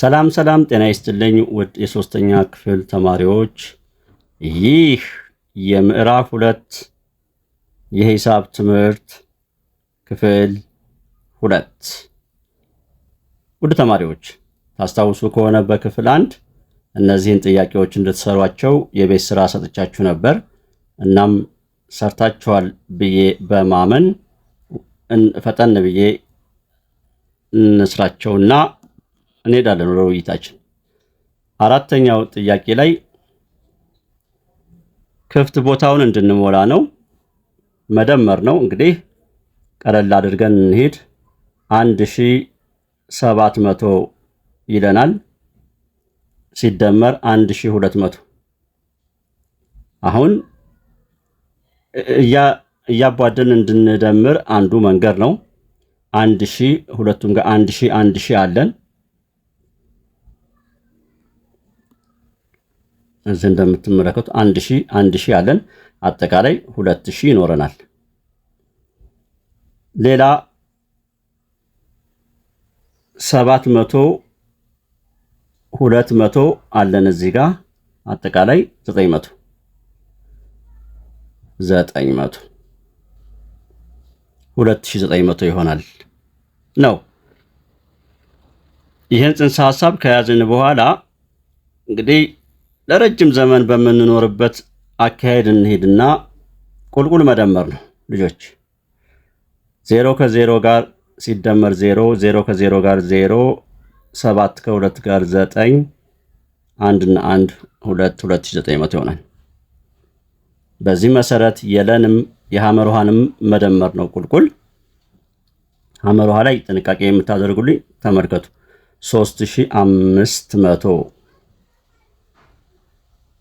ሰላም ሰላም፣ ጤና ይስጥልኝ ውድ የሶስተኛ ክፍል ተማሪዎች፣ ይህ የምዕራፍ ሁለት የሂሳብ ትምህርት ክፍል ሁለት ውድ ተማሪዎች ታስታውሱ ከሆነ በክፍል አንድ እነዚህን ጥያቄዎች እንድትሰሯቸው የቤት ስራ ሰጥቻችሁ ነበር። እናም ሰርታችኋል ብዬ በማመን ፈጠን ብዬ እንስራቸውና እንሄዳለን ወደ ውይይታችን። አራተኛው ጥያቄ ላይ ክፍት ቦታውን እንድንሞላ ነው፣ መደመር ነው። እንግዲህ ቀለል አድርገን እንሄድ። አንድ ሺ ሰባት መቶ ይለናል ሲደመር አንድ ሺ ሁለት መቶ አሁን እያቧደን እንድንደምር አንዱ መንገድ ነው። አንድ ሺ ሁለቱም ጋር አንድ ሺ አንድ ሺ አለን እዚህ እንደምትመለከቱ አንድ ሺህ አንድ ሺህ አለን። አጠቃላይ ሁለት ሺህ ይኖረናል። ሌላ ሰባት መቶ ሁለት መቶ አለን እዚህ ጋር አጠቃላይ ዘጠኝ መቶ ዘጠኝ መቶ ሁለት ሺህ ዘጠኝ መቶ ይሆናል ነው። ይህን ጽንሰ ሀሳብ ከያዝን በኋላ እንግዲህ ለረጅም ዘመን በምንኖርበት አካሄድ እንሄድና ቁልቁል መደመር ነው ልጆች። ዜሮ ከዜሮ ጋር ሲደመር ዜሮ፣ ዜሮ ከዜሮ ጋር ዜሮ፣ ሰባት ከሁለት ጋር ዘጠኝ፣ አንድና አንድ ሁለት ሁለት ሺህ ዘጠኝ መቶ ይሆናል። በዚህ መሰረት የለንም የሐመር ውሃንም መደመር ነው ቁልቁል። ሐመር ውሃ ላይ ጥንቃቄ የምታደርጉልኝ ተመልከቱ። ሶስት ሺህ አምስት መቶ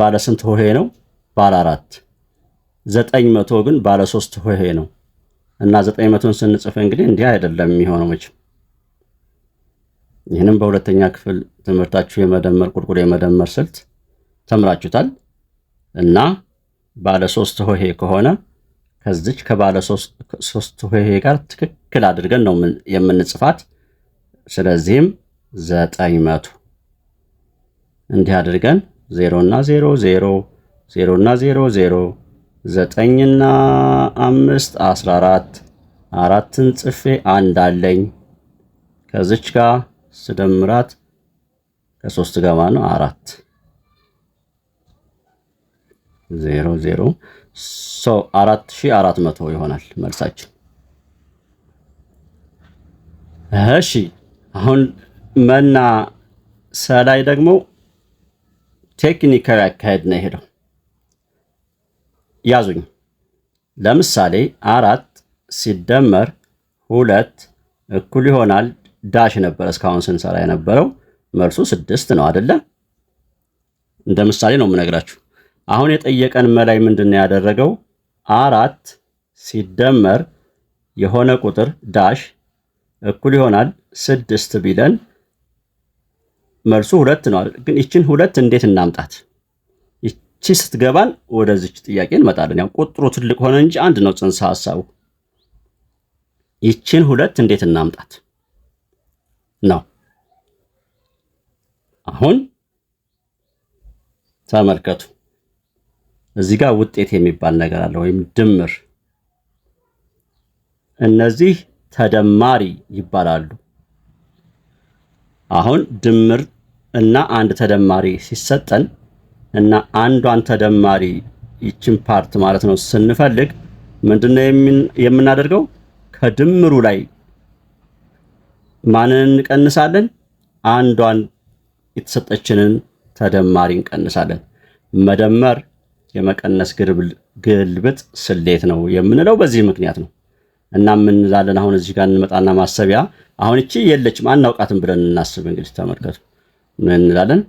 ባለ ስንት ሆሄ ነው? ባለ አራት። ዘጠኝ መቶ ግን ባለ ሶስት ሆሄ ነው እና ዘጠኝ መቶን ስንጽፍ እንግዲህ እንዲህ አይደለም የሚሆነው መቼም። ይህንም በሁለተኛ ክፍል ትምህርታችሁ የመደመር ቁልቁል የመደመር ስልት ተምራችሁታል እና ባለ ሶስት ሆሄ ከሆነ ከዚች ከባለ ሶስት ሆሄ ጋር ትክክል አድርገን ነው የምንጽፋት። ስለዚህም ዘጠኝ መቶ እንዲህ አድርገን 0 እና 0 0 0 እና 0 0 9 እና 5 14 አራትን ጽፌ አንድ አለኝ ከዚች ጋር ስደምራት ከሶስት ጋር ማለት ነው አራት ዜሮ ዜሮ ሰው አራት ሺህ አራት መቶ ይሆናል መልሳችን። እሺ አሁን መና ሰላይ ደግሞ ቴክኒካዊ አካሄድ ነው የሄደው። ያዙኝ። ለምሳሌ አራት ሲደመር ሁለት እኩል ይሆናል ዳሽ ነበር እስካሁን ስንሰራ የነበረው መልሱ ስድስት ነው አይደለም? እንደ ምሳሌ ነው የምነግራችሁ። አሁን የጠየቀን መላይ ምንድን ነው ያደረገው? አራት ሲደመር የሆነ ቁጥር ዳሽ እኩል ይሆናል ስድስት ቢለን መልሱ ሁለት ነው። ግን ይችን ሁለት እንዴት እናምጣት? ይቺ ስትገባን ወደዚች ጥያቄ እንመጣለን። ያው ቁጥሩ ትልቅ ሆነ እንጂ አንድ ነው ጽንሰ ሐሳቡ። ይችን ሁለት እንዴት እናምጣት ነው። አሁን ተመልከቱ። እዚህ ጋር ውጤት የሚባል ነገር አለ ወይም ድምር። እነዚህ ተደማሪ ይባላሉ። አሁን ድምር እና አንድ ተደማሪ ሲሰጠን እና አንዷን ተደማሪ ይችን ፓርት ማለት ነው ስንፈልግ ምንድነው የምናደርገው? ከድምሩ ላይ ማንን እንቀንሳለን? አንዷን የተሰጠችንን ተደማሪ እንቀንሳለን። መደመር የመቀነስ ግልብጥ ስሌት ነው የምንለው በዚህ ምክንያት ነው። እናም እንላለን። አሁን እዚህ ጋር እንመጣና ማሰቢያ አሁን እቺ የለችም አናውቃትም ብለን እናስብ። እንግዲህ ተመልከቱ ምን እንላለን?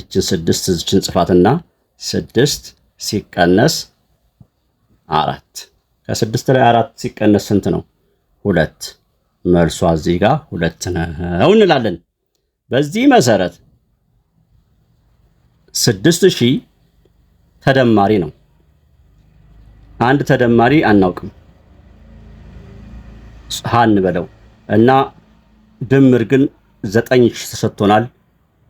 እችን ስድስት እዚችን ጽፋትና ስድስት ሲቀነስ አራት ከስድስት ላይ አራት ሲቀነስ ስንት ነው? ሁለት። መልሷ እዚህ ጋር ሁለት ነው እንላለን። በዚህ መሰረት ስድስት ሺህ ተደማሪ ነው። አንድ ተደማሪ አናውቅም። ሀ በለው እና ድምር ግን ዘጠኝ ሺ ተሰጥቶናል።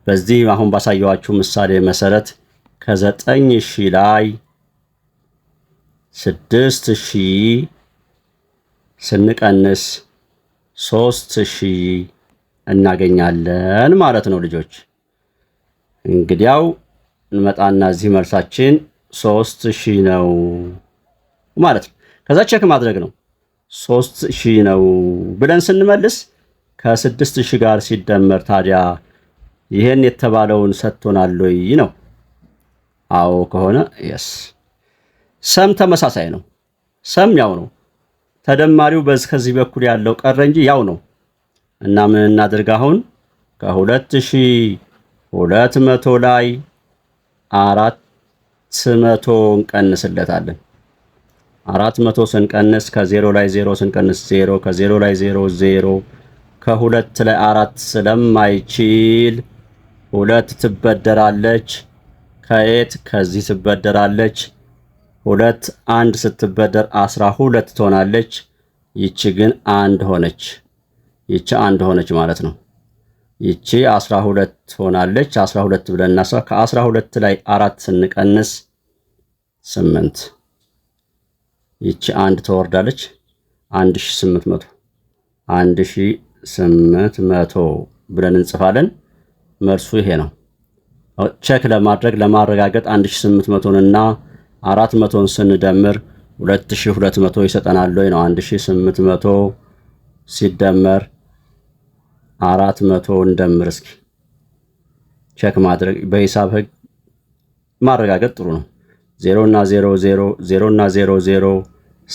በዚህ አሁን ባሳየዋችሁ ምሳሌ መሰረት ከዘጠኝ ሺህ ላይ ስድስት ሺ ስንቀንስ ሶስት ሺህ እናገኛለን ማለት ነው ልጆች። እንግዲያው እንመጣና እዚህ መልሳችን ሶስት ሺህ ነው ማለት ነው። ከዛ ቼክ ማድረግ ነው። ሶስት ሺህ ነው ብለን ስንመልስ ከስድስት ሺህ ጋር ሲደመር ታዲያ ይሄን የተባለውን ሰጥቶናል ወይ ነው? አዎ ከሆነ የስ። ሰም ተመሳሳይ ነው። ሰም ያው ነው። ተደማሪው በዚህ ከዚህ በኩል ያለው ቀረ እንጂ ያው ነው እና ምን እናድርግ አሁን ከሁለት ሺህ ሁለት መቶ ላይ አራት መቶ እንቀንስለታለን። አራት መቶ ስንቀንስ ከዜሮ ላይ ዜሮ ስንቀንስ ዜሮ ከዜሮ ላይ ዜሮ ዜሮ ከሁለት ላይ አራት ስለማይችል ሁለት ትበደራለች። ከየት ከዚህ ትበደራለች። ሁለት አንድ ስትበደር አስራ ሁለት ትሆናለች። ይቺ ግን አንድ ሆነች። ይቺ አንድ ሆነች ማለት ነው። ይቺ አስራ ሁለት ሆናለች። አስራ ሁለት ብለን እናስባ ከአስራ ሁለት ላይ አራት ስንቀንስ ስምንት ይቺ አንድ ተወርዳለች። አንድ ሺህ ስምንት መቶ አንድ ስምንት መቶ ብለን እንጽፋለን። መልሱ ይሄ ነው። ቼክ ለማድረግ ለማረጋገጥ አንድ ሺህ ስምንት እና አራት መቶን ስንደምር ሁለት ሺ ሁለት መቶ ይሰጠናል ወይ ነው። አንድ ሺህ ስምንት መቶ ሲደመር አራት መቶ እንደምር እስኪ ቼክ ማድረግ በሂሳብ ህግ ማረጋገጥ ጥሩ ነው። ዜሮና ዜሮ ዜሮ ዜሮና ዜሮ ዜሮ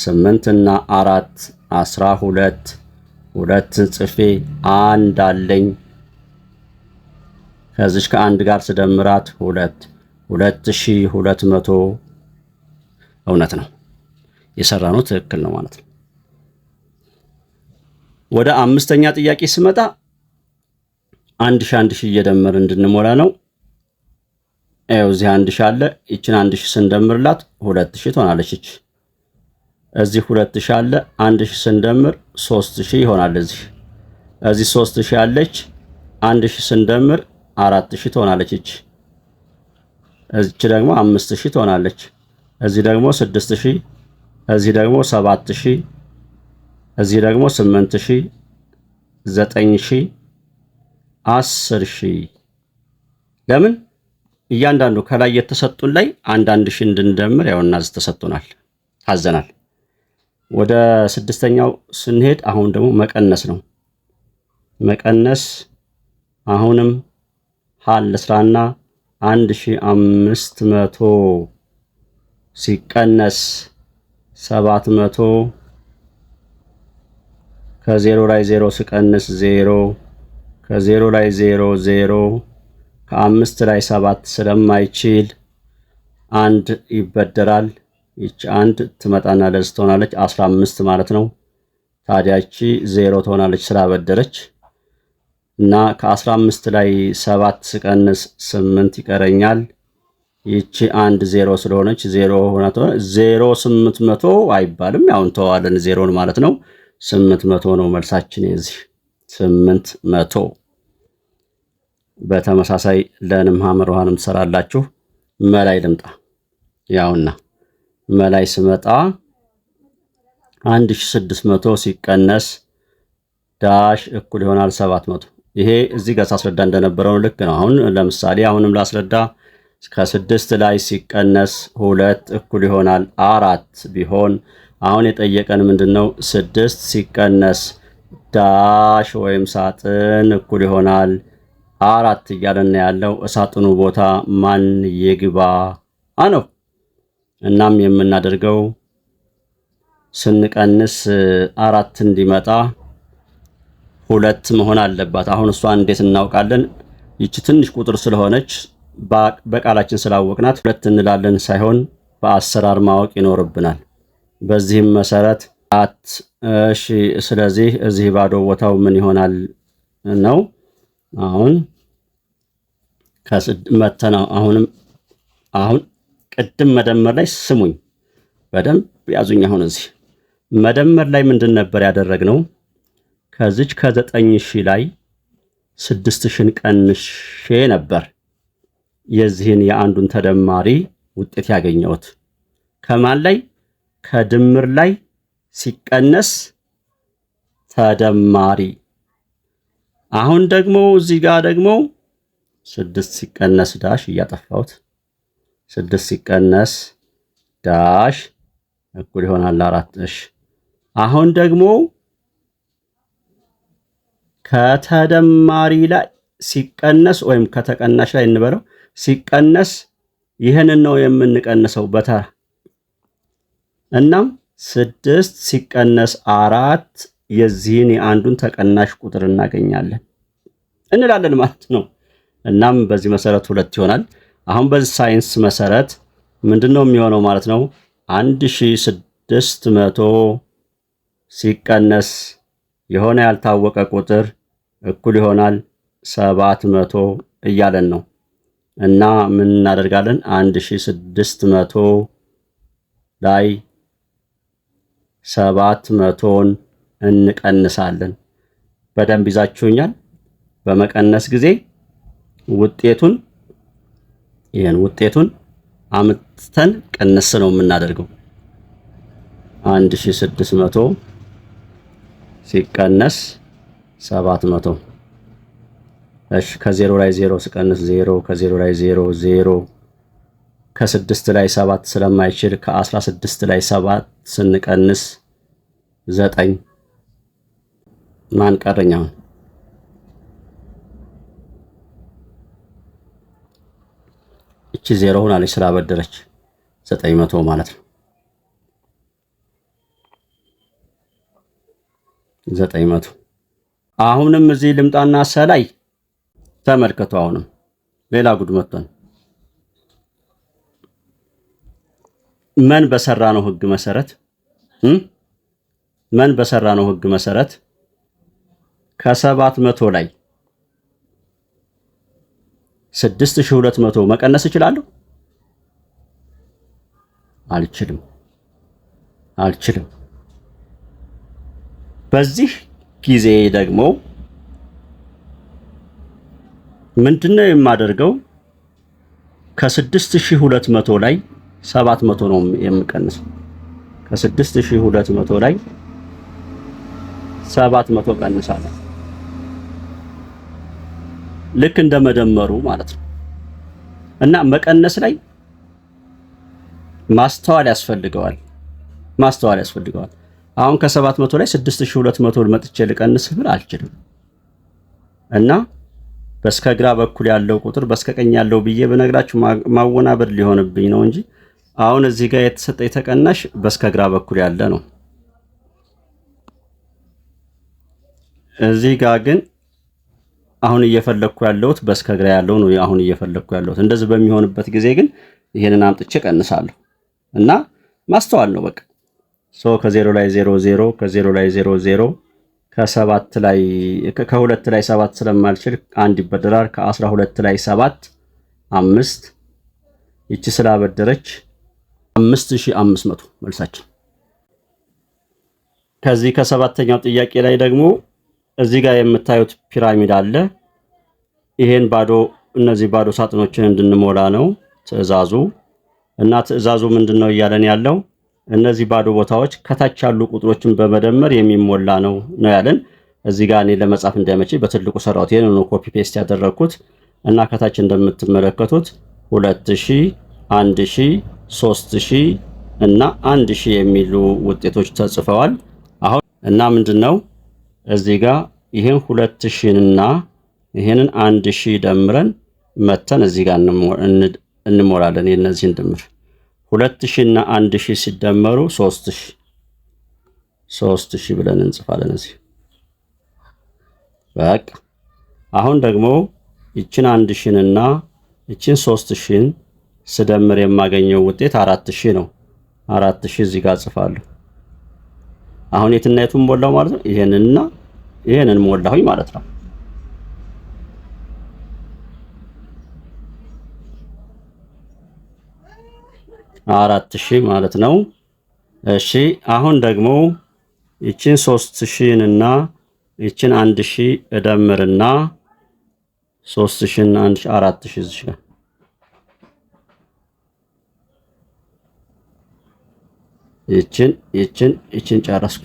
ስምንትና አራት አስራ ሁለት ሁለትን ጽፌ አንድ አለኝ። ከዚች ከአንድ ጋር ስደምራት ሁለት ሁለት ሺ ሁለት መቶ እውነት ነው የሰራነው ትክክል ነው ማለት ነው። ወደ አምስተኛ ጥያቄ ስመጣ አንድ ሺ አንድ ሺ እየደመር እንድንሞላ ነው። ይኸው እዚህ አንድ ሺ አለ። ይችን አንድ ሺህ ስንደምርላት ሁለት ሺህ ትሆናለች። ይች እዚህ ሁለት ሺ አለ። አንድ ሺህ ስንደምር ሶስት ሺህ ይሆናል። እዚህ እዚህ ሶስት ሺ አለች። አንድ ሺህ ስንደምር አራት ሺህ ትሆናለች። ይች እዚች ደግሞ አምስት ሺህ ትሆናለች። እዚህ ደግሞ ስድስት ሺህ እዚህ ደግሞ ሰባት ሺህ እዚህ ደግሞ ስምንት ሺህ ዘጠኝ ሺህ አስር ሺህ ለምን እያንዳንዱ ከላይ የተሰጡን ላይ አንዳንድ ሺ እንድንደምር ያው እናዝ ተሰጥቶናል፣ ታዘናል። ወደ ስድስተኛው ስንሄድ አሁን ደግሞ መቀነስ ነው። መቀነስ አሁንም ሀል ስራና አንድ ሺ አምስት መቶ ሲቀነስ ሰባት መቶ ከዜሮ ላይ ዜሮ ሲቀንስ ዜሮ ከዜሮ ላይ ዜሮ ዜሮ ከአምስት ላይ ሰባት ስለማይችል አንድ ይበደራል። ይች አንድ ትመጣና ለዚህ ትሆናለች አስራ አምስት ማለት ነው። ታዲያቺ ዜሮ ትሆናለች ስላበደረች እና ከአስራ አምስት ላይ ሰባት ስቀንስ ስምንት ይቀረኛል። ይቺ አንድ ዜሮ ስለሆነች ዜሮ ሆና ዜሮ ስምንት መቶ አይባልም። ያው እንተዋዋለን ዜሮን ማለት ነው። ስምንት መቶ ነው መልሳችን የዚህ ስምንት መቶ በተመሳሳይ ለንም ሐመር ውሃንም ትሰራላችሁ። መላይ ልምጣ። ያውና መላይ ስመጣ 1600 ሲቀነስ ዳሽ እኩል ይሆናል 700። ይሄ እዚህ ጋር ሳስረዳ እንደነበረው ልክ ነው። አሁን ለምሳሌ አሁንም ላስረዳ። ከስድስት ላይ ሲቀነስ ሁለት እኩል ይሆናል አራት ቢሆን አሁን የጠየቀን ምንድን ነው? ስድስት ሲቀነስ ዳሽ ወይም ሳጥን እኩል ይሆናል አራት እያለን ያለው እሳጥኑ ቦታ ማን ይግባ አነው። እናም የምናደርገው ስንቀንስ አራት እንዲመጣ ሁለት መሆን አለባት። አሁን እሷ እንዴት እናውቃለን? ይቺ ትንሽ ቁጥር ስለሆነች በቃላችን ስላወቅናት ሁለት እንላለን ሳይሆን በአሰራር ማወቅ ይኖርብናል። በዚህም መሰረት አት እሺ። ስለዚህ እዚህ ባዶ ቦታው ምን ይሆናል ነው አሁን መተናው አሁንም አሁን ቅድም መደመር ላይ ስሙኝ በደንብ ያዙኝ። አሁን እዚህ መደመር ላይ ምንድን ነበር ያደረግነው? ከዚች ከዘጠኝ ሺህ ላይ ስድስት ሺህን ቀንሼ ነበር የዚህን የአንዱን ተደማሪ ውጤት ያገኘሁት ከማን ላይ? ከድምር ላይ ሲቀነስ ተደማሪ። አሁን ደግሞ እዚህ ጋር ደግሞ ስድስት ሲቀነስ ዳሽ እያጠፋሁት ስድስት ሲቀነስ ዳሽ እኩል ይሆናል አራት። እሺ አሁን ደግሞ ከተደማሪ ላይ ሲቀነስ ወይም ከተቀናሽ ላይ እንበለው ሲቀነስ ይህንን ነው የምንቀንሰው በተራ እናም ስድስት ሲቀነስ አራት የዚህን የአንዱን ተቀናሽ ቁጥር እናገኛለን እንላለን ማለት ነው። እናም በዚህ መሰረት ሁለት ይሆናል። አሁን በዚህ ሳይንስ መሰረት ምንድን ነው የሚሆነው ማለት ነው? አንድ ሺህ ስድስት መቶ ሲቀነስ የሆነ ያልታወቀ ቁጥር እኩል ይሆናል ሰባት መቶ እያለን ነው እና ምን እናደርጋለን? አንድ ሺ ስድስት መቶ ላይ ሰባት መቶን እንቀንሳለን። በደንብ ይዛችሁኛል። በመቀነስ ጊዜ ውጤቱን ይሄን ውጤቱን አምጥተን ቀንስ ነው የምናደርገው። 1600 ሲቀነስ 700። እሺ ከዜሮ ላይ ዜሮ 0 ዜሮ፣ ከዜሮ ላይ ዜሮ ዜሮ፣ ከስድስት ላይ ሰባት ስለማይችል ከ16 ላይ ሰባት ስንቀንስ ዘጠኝ ማን ቀረኝ አሁን? እቺ ዜሮ ሆናለች ስላበደረች ዘጠኝ መቶ ማለት ነው። ዘጠኝ መቶ አሁንም እዚህ ልምጣና ሰላይ ተመልከቱ። አሁንም ሌላ ጉድ መጥቷል። መን በሰራ ነው ህግ መሰረት መን በሰራ ነው ህግ መሰረት ከሰባት መቶ ላይ 6200 መቀነስ እችላለሁ? አልችልም አልችልም። በዚህ ጊዜ ደግሞ ምንድነው የማደርገው? ከ6200 ላይ 700 ነው የምቀንሰው። ከ6200 ላይ 700 ቀንሳለሁ። ልክ እንደ መደመሩ ማለት ነው። እና መቀነስ ላይ ማስተዋል ያስፈልገዋል ማስተዋል ያስፈልገዋል። አሁን ከሰባት መቶ ላይ 6200 ሺህ መጥቼ ልቀንስ ብል አልችልም። እና በስከ ግራ በኩል ያለው ቁጥር በስከ ቀኝ ያለው ብዬ ብነግራችሁ ማወናበድ ሊሆንብኝ ነው እንጂ አሁን እዚህ ጋር የተሰጠ የተቀናሽ በስከ ግራ በኩል ያለ ነው። እዚህ ጋር ግን አሁን እየፈለግኩ ያለሁት በስከግራ ያለው ነው። አሁን እየፈለግኩ ያለሁት እንደዚህ በሚሆንበት ጊዜ ግን ይሄንን አምጥቼ ቀንሳለሁ እና ማስተዋል ነው በቃ። ሶ ከዜሮ ላይ ዜሮ ዜሮ ከዜሮ ላይ ዜሮ ዜሮ ከሰባት ላይ ከሁለት ላይ ሰባት ስለማልችል አንድ ይበደራል። ከአስራ ሁለት ላይ ሰባት አምስት ይቺ ስላበደረች አምስት ሺህ አምስት መቶ መልሳችን። ከዚህ ከሰባተኛው ጥያቄ ላይ ደግሞ እዚህ ጋር የምታዩት ፒራሚድ አለ። ይሄን ባዶ እነዚህ ባዶ ሳጥኖችን እንድንሞላ ነው ትዕዛዙ። እና ትዕዛዙ ምንድን ነው እያለን ያለው እነዚህ ባዶ ቦታዎች ከታች ያሉ ቁጥሮችን በመደመር የሚሞላ ነው ነው ያለን። እዚህ ጋር እኔ ለመጻፍ እንዳይመች በትልቁ ሰራሁት። ይሄን ነው ኮፒ ፔስት ያደረግኩት እና ከታች እንደምትመለከቱት ሁለት ሺህ አንድ ሺህ ሶስት ሺህ እና አንድ ሺህ የሚሉ ውጤቶች ተጽፈዋል። አሁን እና ምንድን ነው እዚህ ጋር ይህን ሁለት ሺህንና ይህንን አንድ ሺህ ደምረን መተን እዚህ ጋር እንሞላለን። የእነዚህን ድምር ሁለት ሺህና አንድ ሺ ሲደመሩ ሶስት ሺ ሶስት ብለን እንጽፋለን። እዚህ በቃ አሁን ደግሞ ይችን አንድ ሺህንና ይችን ሶስት ሺህን ስደምር የማገኘው ውጤት አራት ሺ ነው። አራት ሺ እዚህ ጋር ጽፋለሁ። አሁን የትና የቱን ሞላው ማለት ነው። ይሄንንና ይሄንን ሞላሁኝ ማለት ነው። አራት ሺህ ማለት ነው። እሺ አሁን ደግሞ ይችን ሶስት ሺህንና ይችን አንድ ሺህ እደምርና ሶስት ሺህና አንድ ሺህ አራት ሺህ ይችን ይችን ይችን ጨረስኩ።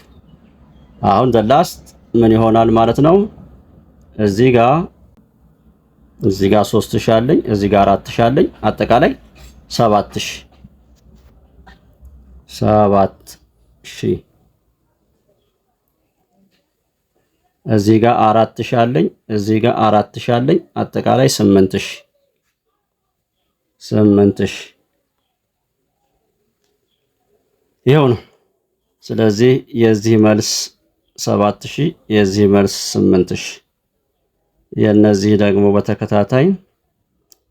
አሁን ዘ ላስት ምን ይሆናል ማለት ነው? እዚህ ጋር እዚህ ጋር 3000 አለኝ፣ እዚህ ጋር 4000 አለኝ። አጠቃላይ 7000 7000 እዚህ ጋር 4000 አለኝ፣ እዚህ ጋር 4000 አለኝ። አጠቃላይ 8000 8000 ይኸው ነው። ስለዚህ የዚህ መልስ ሰባት ሺህ የዚህ መልስ ስምንት ሺህ የእነዚህ ደግሞ በተከታታይ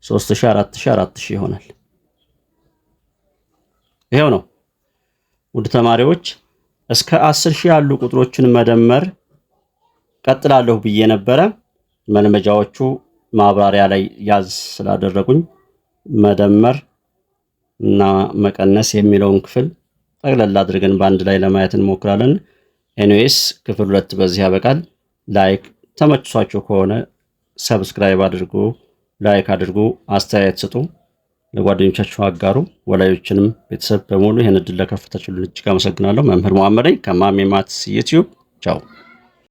ሶስት ሺህ አራት ሺህ አራት ሺህ ይሆናል። ይኸው ነው ውድ ተማሪዎች እስከ አስር ሺህ ያሉ ቁጥሮችን መደመር ቀጥላለሁ ብዬ ነበረ። መልመጃዎቹ ማብራሪያ ላይ ያዝ ስላደረጉኝ መደመር እና መቀነስ የሚለውን ክፍል ጠቅለል አድርገን በአንድ ላይ ለማየት እንሞክራለን። ኤኒዌይስ ክፍል ሁለት በዚህ ያበቃል። ላይክ ተመችሷችሁ ከሆነ ሰብስክራይብ አድርጉ፣ ላይክ አድርጉ፣ አስተያየት ስጡ፣ ለጓደኞቻችሁ አጋሩ። ወላጆችንም ቤተሰብ በሙሉ ይህን እድል ለከፈታችሁልን እጅግ አመሰግናለሁ። መምህር መሐመድ ነኝ ከማሜ ማትስ ዩቲዩብ። ቻው